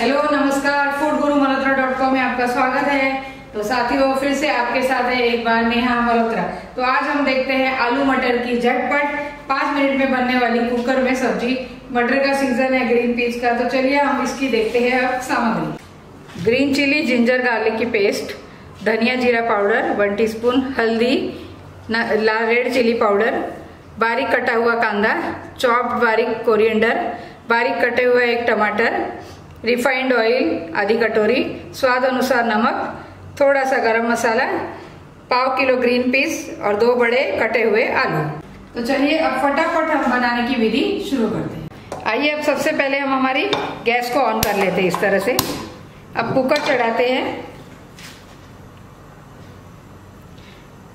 hello नमस्कार food Guru Malhotra dot com में आपका स्वागत है तो साथियों फिर से आपके साथ है एक बार नेहा मल्होत्रा तो आज हम देखते हैं आलू मटर की झटपट पाँच मिनट में बनने वाली कुकर में सब्जी मटर का सीजन है ग्रीन पीस का तो चलिए हम इसकी देखते हैं अब सामग्री ग्रीन चिली जिंजर गार्लिक की पेस्ट धनिया जीरा पाउडर वन टी हल्दी लाल रेड चिली पाउडर बारीक कटा हुआ कांदा चॉप्ड बारीक कोरिएंडर बारीक कटे हुए एक टमाटर रिफाइंड ऑयल आधी कटोरी स्वाद अनुसार नमक थोड़ा सा गरम मसाला पाव किलो ग्रीन पीस और दो बड़े कटे हुए आलू तो चलिए अब फटाफट हम बनाने की विधि शुरू करते हैं आइए अब सबसे पहले हम हमारी गैस को ऑन कर लेते हैं इस तरह से अब कुकर चढ़ाते हैं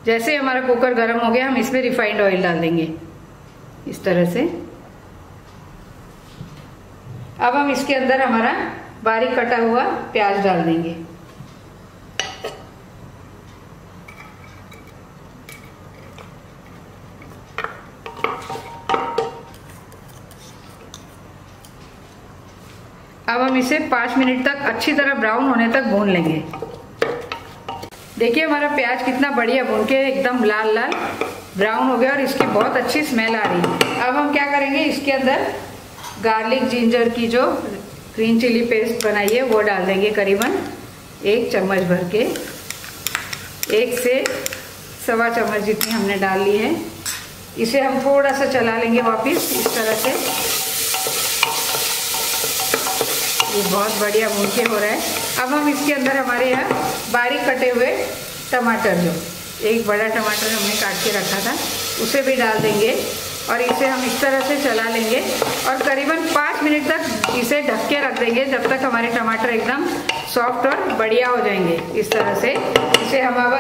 जैसे हमारा कुकर गर्म हो गया हम इसमें रिफाइंड ऑयल डाल देंगे इस तरह से अब हम इसके अंदर हमारा बारीक कटा हुआ प्याज डाल देंगे अब हम इसे पांच मिनट तक अच्छी तरह ब्राउन होने तक भून लेंगे देखिए हमारा प्याज कितना बढ़िया भून के एकदम लाल लाल ब्राउन हो गया और इसकी बहुत अच्छी स्मेल आ रही है अब हम क्या करेंगे इसके अंदर गार्लिक जिंजर की जो ग्रीन चिली पेस्ट बनाई है वो डाल देंगे करीबन एक चम्मच भर के एक से सवा चम्मच जितनी हमने डाल ली है इसे हम थोड़ा सा चला लेंगे वापस इस तरह से ये बहुत बढ़िया भूखे हो रहा है अब हम इसके अंदर हमारे यहाँ बारीक कटे हुए टमाटर जो एक बड़ा टमाटर हमने काट के रखा था उसे भी डाल देंगे और इसे हम इस तरह से चला लेंगे और करीबन पाँच मिनट तक इसे ढक के रख देंगे जब तक हमारे टमाटर एकदम सॉफ्ट और बढ़िया हो जाएंगे इस तरह से इसे हम अब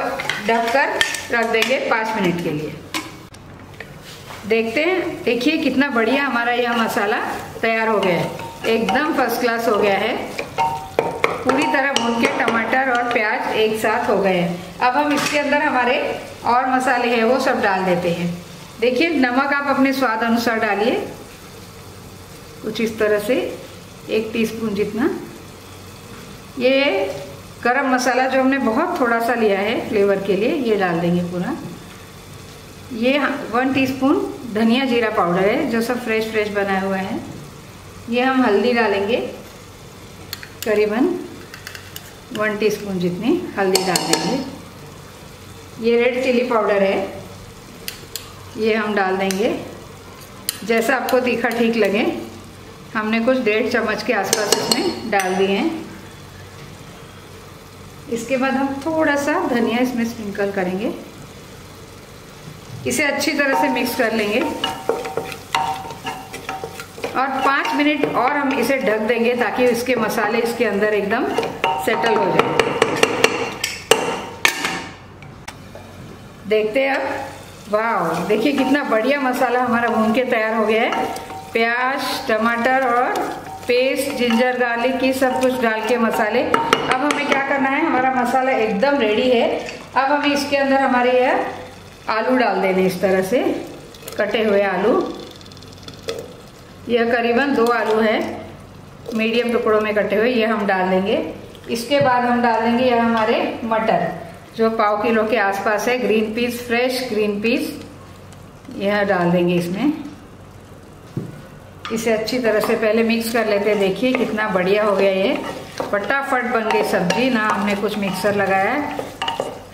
ढक कर रख देंगे पाँच मिनट के लिए देखते हैं देखिए कितना बढ़िया हमारा यह मसाला तैयार हो गया है एकदम फर्स्ट क्लास हो गया है पूरी तरह भून के टमाटर और प्याज एक साथ हो गए हैं अब हम इसके अंदर हमारे और मसाले हैं वो सब डाल देते हैं देखिए नमक आप अपने स्वाद अनुसार डालिए कुछ इस तरह से एक टीस्पून जितना ये गरम मसाला जो हमने बहुत थोड़ा सा लिया है फ्लेवर के लिए ये डाल देंगे पूरा ये वन टीस्पून धनिया जीरा पाउडर है जो सब फ्रेश फ्रेश बनाया हुआ है ये हम हल्दी डालेंगे करीबन वन टीस्पून जितनी हल्दी डाल देंगे ये रेड चिली पाउडर है ये हम डाल देंगे जैसा आपको तीखा ठीक लगे हमने कुछ डेढ़ चम्मच के आसपास इसमें डाल दिए हैं इसके बाद हम थोड़ा सा धनिया इसमें स्प्रिंकल करेंगे इसे अच्छी तरह से मिक्स कर लेंगे और पाँच मिनट और हम इसे ढक देंगे ताकि इसके मसाले इसके अंदर एकदम सेटल हो जाए देखते हैं अब वाह देखिए कितना बढ़िया मसाला हमारा भून के तैयार हो गया है प्याज टमाटर और पेस्ट जिंजर गार्लिक ये सब कुछ डाल के मसाले अब हमें क्या करना है हमारा मसाला एकदम रेडी है अब हमें इसके अंदर हमारे यह आलू डाल देने इस तरह से कटे हुए आलू यह करीबन दो आलू है मीडियम टुकड़ों में कटे हुए यह हम डाल देंगे इसके बाद हम डाल देंगे यह हमारे मटर जो पाव किलो के आसपास है green peas fresh green peas यह डाल देंगे इसमें इसे अच्छी तरह से पहले मिक्स कर लेते हैं देखिए कितना बढ़िया हो गया ये फटाफट बन गई सब्जी ना हमने कुछ मिक्सर लगाया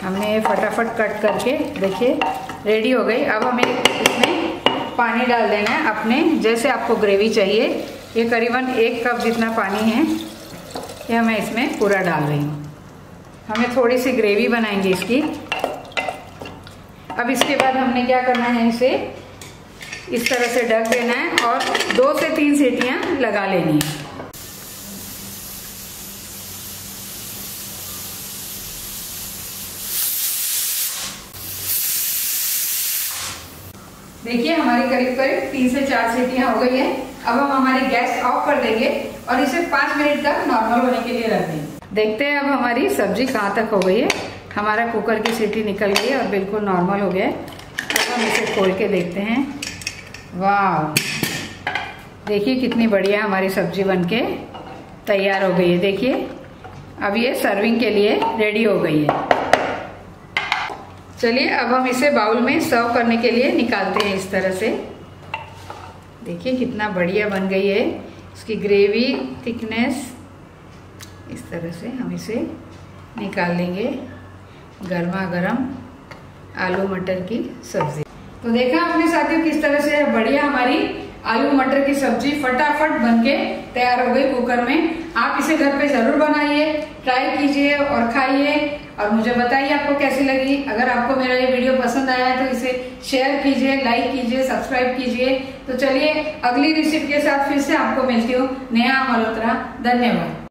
हमने फटाफट कट करके देखिए रेडी हो गई अब हमें इसमें पानी डाल देना है अपने जैसे आपको ग्रेवी चाहिए ये करीबन एक कप जितना पानी है यह मैं इसमें पूरा डाल रही हूँ हमें थोड़ी सी ग्रेवी बनाएंगे इसकी अब इसके बाद हमने क्या करना है इसे इस तरह से ढक देना है और दो से तीन सीटियां लगा लेनी है देखिए हमारी करीब करीब तीन से चार सीटियां हो गई है अब हम हमारी गैस ऑफ कर देंगे और इसे पांच मिनट तक नॉर्मल होने के लिए रख देंगे देखते हैं अब हमारी सब्जी कहाँ तक हो गई है हमारा कुकर की सीटी निकल गई है और बिल्कुल नॉर्मल हो गया है अब हम इसे खोल के देखते हैं वाह देखिए कितनी बढ़िया हमारी सब्जी बन के तैयार हो गई है देखिए अब ये सर्विंग के लिए रेडी हो गई है चलिए अब हम इसे बाउल में सर्व करने के लिए निकालते हैं इस तरह से देखिए कितना बढ़िया बन गई है इसकी ग्रेवी थिकनेस इस तरह से हम इसे निकाल लेंगे गर्मा गर्म आलू मटर की सब्जी तो देखा आपने साथियों किस तरह से बढ़िया हमारी आलू मटर की सब्जी फटाफट बनके तैयार हो गई कुकर में आप इसे घर पे जरूर बनाइए ट्राई कीजिए और खाइए और मुझे बताइए आपको कैसी लगी अगर आपको मेरा ये वीडियो पसंद आया है तो इसे शेयर कीजिए लाइक कीजिए सब्सक्राइब कीजिए तो चलिए अगली रेसिपी के साथ फिर से आपको मिलती हूँ नेहा मल्होत्रा धन्यवाद